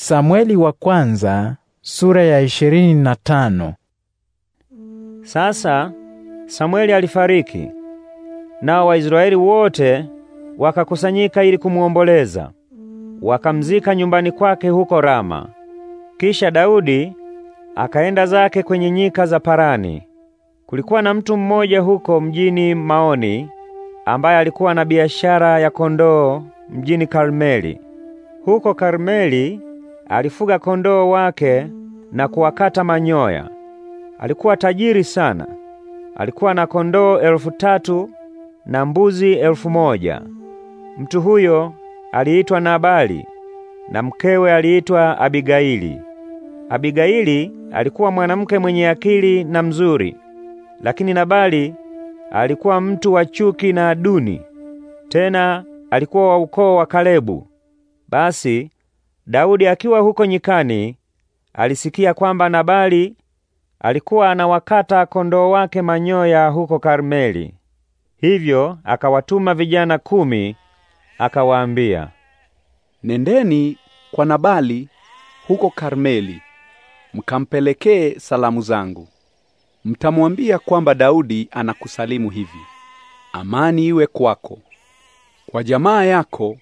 Samweli wa kwanza sura ya ishirini na tano. Sasa Samweli alifariki, nao Waisraeli wote wakakusanyika ili kumuomboleza. Wakamzika nyumbani kwake huko Rama. Kisha Daudi akaenda zake kwenye nyika za Parani. Kulikuwa na mtu mmoja huko mjini Maoni ambaye alikuwa na biashara ya kondoo mjini Karmeli. Huko Karmeli Alifuga kondoo wake na kuwakata manyoya. Alikuwa tajiri sana. Alikuwa na kondoo elfu tatu na mbuzi elfu moja. Mtu huyo aliitwa Nabali na mkewe aliitwa Abigaili. Abigaili alikuwa mwanamke mwenye akili na mzuri, lakini Nabali alikuwa mtu wa chuki na duni. Tena alikuwa wa ukoo wa Kalebu. Basi Daudi akiwa huko nyikani alisikia kwamba Nabali alikuwa anawakata kondoo wake manyoya huko Karmeli. Hivyo akawatuma vijana kumi akawaambia, Nendeni kwa Nabali huko Karmeli mkampelekee salamu zangu. Mtamwambia kwamba Daudi anakusalimu hivi: Amani iwe kwako, kwa jamaa yako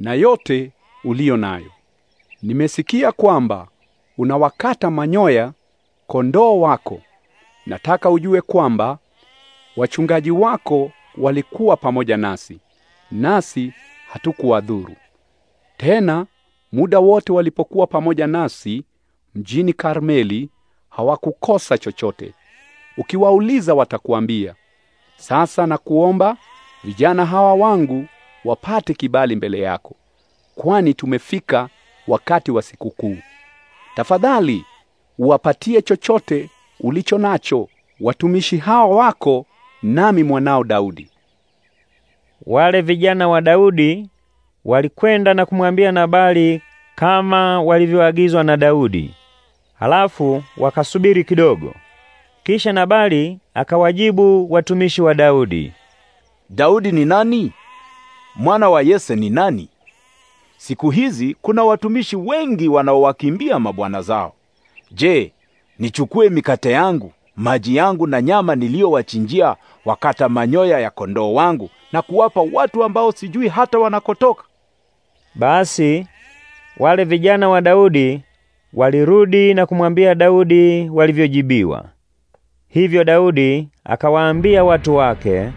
na yote uliyo nayo. Nimesikia kwamba unawakata manyoya kondoo wako. Nataka ujue kwamba wachungaji wako walikuwa pamoja nasi, nasi hatukuwadhuru. Tena muda wote walipokuwa pamoja nasi mjini Karmeli hawakukosa chochote. Ukiwauliza watakuambia. Sasa nakuomba vijana hawa wangu wapate kibali mbele yako, kwani tumefika wakati wa sikukuu. Tafadhali uwapatie chochote ulicho nacho watumishi hawa wako, nami mwanao Daudi. Wale vijana wa Daudi walikwenda na kumwambia Nabali kama walivyoagizwa na Daudi. Halafu wakasubiri kidogo. Kisha Nabali akawajibu watumishi wa Daudi, Daudi ni nani? Mwana wa Yese ni nani? Siku hizi kuna watumishi wengi wanaowakimbia mabwana zao. Je, nichukue mikate yangu, maji yangu na nyama niliyowachinjia wakata manyoya ya kondoo wangu na kuwapa watu ambao sijui hata wanakotoka? Basi wale vijana wa Daudi walirudi na kumwambia Daudi walivyojibiwa. Hivyo Daudi akawaambia watu wake,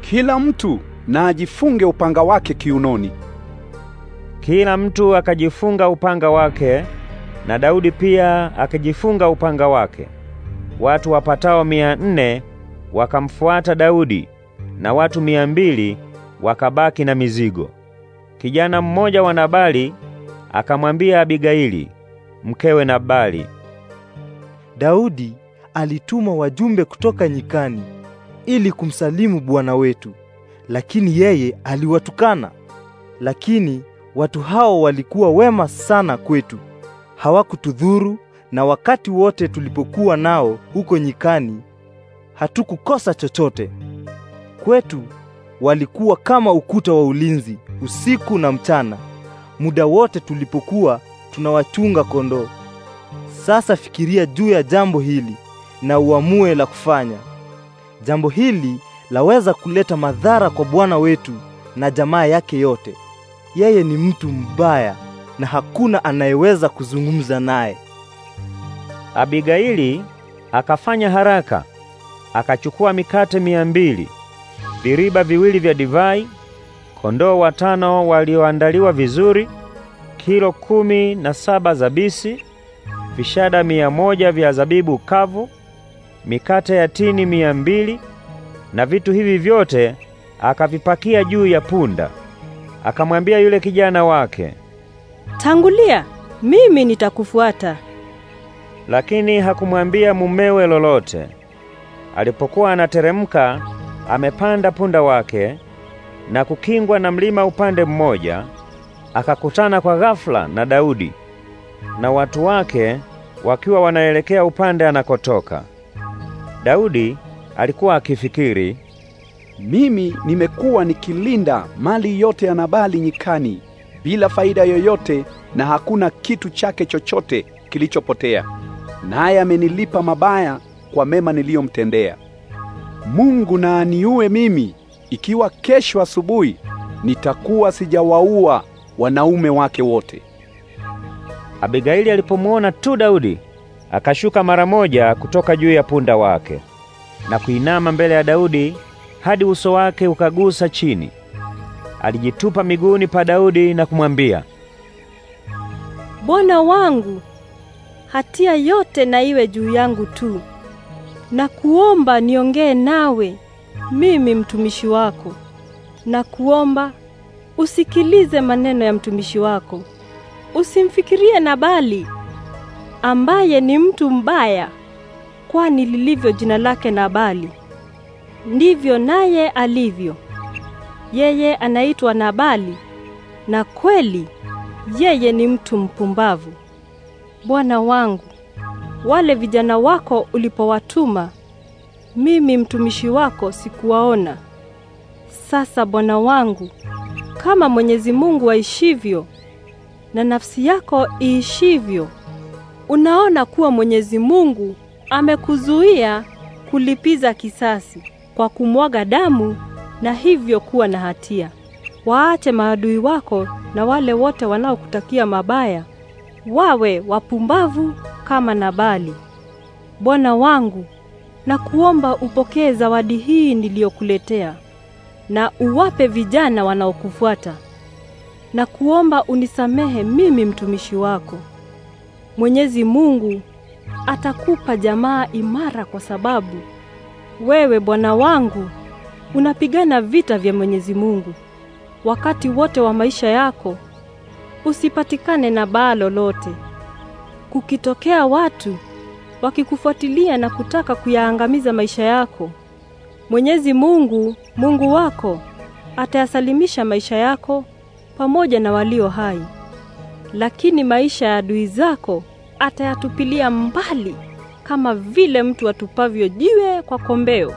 kila mtu na ajifunge upanga wake kiunoni kila mtu akajifunga upanga wake, na Daudi pia akajifunga upanga wake. Watu wapatao mia nne wakamfuata Daudi na watu mia mbili wakabaki na mizigo. Kijana mmoja wa Nabali akamwambia Abigaili, mkewe Nabali, Daudi alituma wajumbe kutoka nyikani ili kumsalimu bwana wetu, lakini yeye aliwatukana. Lakini Watu hao walikuwa wema sana kwetu, hawakutudhuru, na wakati wote tulipokuwa nao huko nyikani hatukukosa chochote. Kwetu walikuwa kama ukuta wa ulinzi usiku na mchana, muda wote tulipokuwa tunawachunga kondoo. Sasa fikiria juu ya jambo hili na uamue la kufanya. Jambo hili laweza kuleta madhara kwa bwana wetu na jamaa yake yote yeye ni mtu mbaya na hakuna anayeweza kuzungumza naye. Abigaili akafanya haraka, akachukua mikate mia mbili, viriba viwili vya divai, kondoo watano walioandaliwa vizuri, kilo kumi na saba za bisi, vishada mia moja vya zabibu kavu, mikate ya tini mia mbili, na vitu hivi vyote akavipakia juu ya punda akamwambia yule kijana wake, tangulia, mimi nitakufuata. Lakini hakumwambia mumewe lolote. Alipokuwa anateremka, amepanda punda wake na kukingwa na mlima upande mmoja, akakutana kwa ghafla na Daudi na watu wake wakiwa wanaelekea upande anakotoka. Daudi alikuwa akifikiri mimi nimekuwa nikilinda mali yote ya Nabali nyikani bila faida yoyote, na hakuna kitu chake chochote kilichopotea, naye amenilipa mabaya kwa mema niliyomtendea. Mungu na aniue mimi ikiwa kesho asubuhi nitakuwa sijawaua wanaume wake wote. Abigaili alipomwona tu Daudi, akashuka mara moja kutoka juu ya punda wake na kuinama mbele ya Daudi hadi uso wake ukagusa chini. Alijitupa miguuni pa Daudi na kumwambia, Bwana wangu, hatia yote na iwe juu yangu tu. Na kuomba niongee nawe mimi mtumishi wako. Na kuomba usikilize maneno ya mtumishi wako. Usimfikirie Nabali ambaye ni mtu mbaya, kwani lilivyo jina lake Nabali ndivyo naye alivyo. Yeye anaitwa Nabali, na kweli yeye ni mtu mpumbavu. Bwana wangu, wale vijana wako ulipowatuma mimi mtumishi wako sikuwaona. Sasa bwana wangu, kama Mwenyezi Mungu aishivyo na nafsi yako iishivyo, unaona kuwa Mwenyezi Mungu amekuzuia kulipiza kisasi kwa kumwaga damu na hivyo kuwa na hatia. Waache maadui wako na wale wote wanaokutakia mabaya, wawe wapumbavu kama Nabali. Bwana wangu, na kuomba upokee zawadi hii niliyokuletea, na uwape vijana wanaokufuata, na kuomba unisamehe mimi mtumishi wako. Mwenyezi Mungu atakupa jamaa imara kwa sababu wewe Bwana wangu unapigana vita vya Mwenyezi Mungu wakati wote wa maisha yako, usipatikane na baa lolote. Kukitokea watu wakikufuatilia na kutaka kuyaangamiza maisha yako, Mwenyezi Mungu Mungu wako atayasalimisha maisha yako pamoja na walio hai, lakini maisha ya adui zako atayatupilia mbali kama vile mtu atupavyo jiwe kwa kombeo.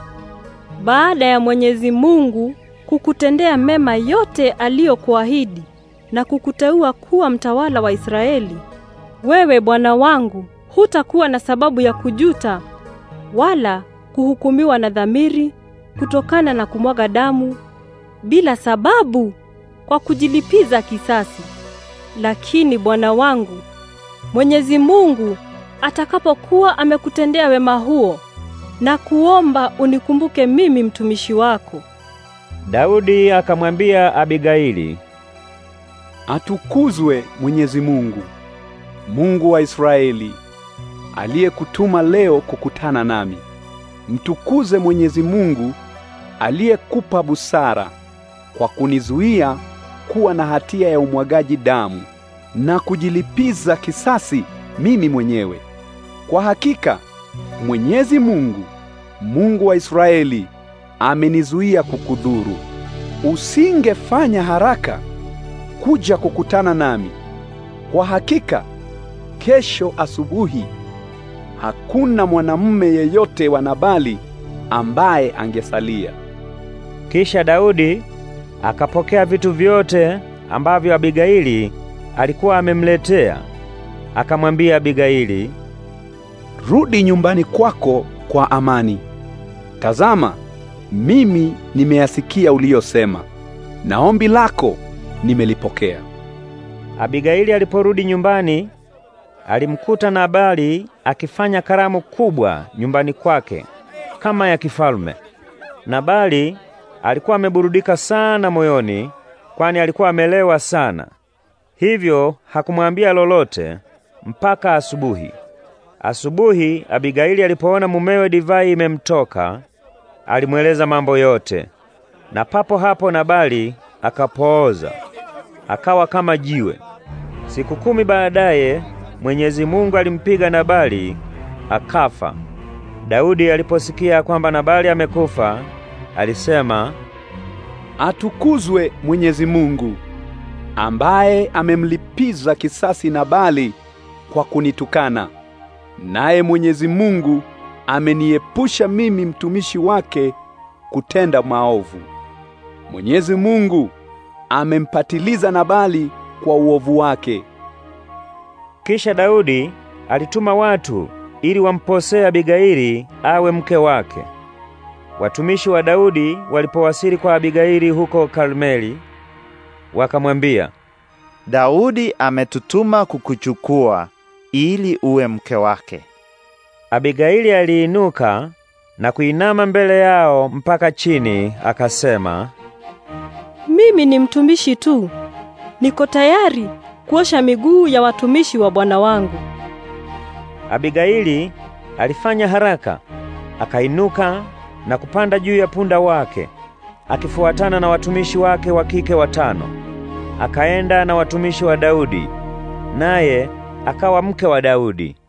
Baada ya Mwenyezi Mungu kukutendea mema yote aliyokuahidi na kukuteua kuwa mtawala wa Israeli, wewe bwana wangu hutakuwa na sababu ya kujuta wala kuhukumiwa na dhamiri kutokana na kumwaga damu bila sababu kwa kujilipiza kisasi. Lakini bwana wangu Mwenyezi Mungu atakapokuwa amekutendea wema huo na kuomba unikumbuke mimi mtumishi wako. Daudi akamwambia Abigaili, Atukuzwe Mwenyezi Mungu, Mungu wa Israeli, aliyekutuma leo kukutana nami. Mtukuze Mwenyezi Mungu aliyekupa busara kwa kunizuia kuwa na hatia ya umwagaji damu na kujilipiza kisasi mimi mwenyewe. Kwa hakika Mwenyezi Mungu, Mungu wa Israeli, amenizuia kukudhuru. Usingefanya haraka kuja kukutana nami. Kwa hakika kesho asubuhi hakuna mwanamume yeyote wa Nabali ambaye angesalia. Kisha Daudi akapokea vitu vyote ambavyo Abigaili alikuwa amemletea. Akamwambia Abigaili, rudi nyumbani kwako kwa amani. Tazama, mimi nimeyasikia uliyosema, na ombi lako nimelipokea. Abigaili aliporudi nyumbani, alimkuta Nabali akifanya karamu kubwa nyumbani kwake kama ya kifalme. Nabali alikuwa ameburudika sana moyoni, kwani alikuwa amelewa sana, hivyo hakumwambia lolote mpaka asubuhi. Asubuhi Abigaili alipoona mumewe divai imemtoka, alimweleza mambo yote, na papo hapo Nabali akapooza, akawa kama jiwe. Siku kumi baadaye Mwenyezi Mungu alimpiga Nabali akafa. Daudi aliposikia kwamba Nabali amekufa, alisema, atukuzwe Mwenyezi Mungu ambaye amemlipiza kisasi Nabali kwa kunitukana naye Mwenyezi Mungu ameniepusha mimi mtumishi wake kutenda maovu. Mwenyezi Mungu amempatiliza Nabali kwa uovu wake. Kisha Daudi alituma watu ili wamposee Abigaili awe mke wake. Watumishi wa Daudi walipowasili kwa Abigaili huko Karmeli, wakamwambia, Daudi ametutuma kukuchukua ili uwe mke wake. Abigaili aliinuka na kuinama mbele yao mpaka chini, akasema, mimi ni mtumishi tu, niko tayari kuosha miguu ya watumishi wa bwana wangu. Abigaili alifanya haraka, akainuka na kupanda juu ya punda wake akifuatana na watumishi wake wa kike watano. Akaenda na watumishi wa Daudi, naye akawa mke wa Daudi.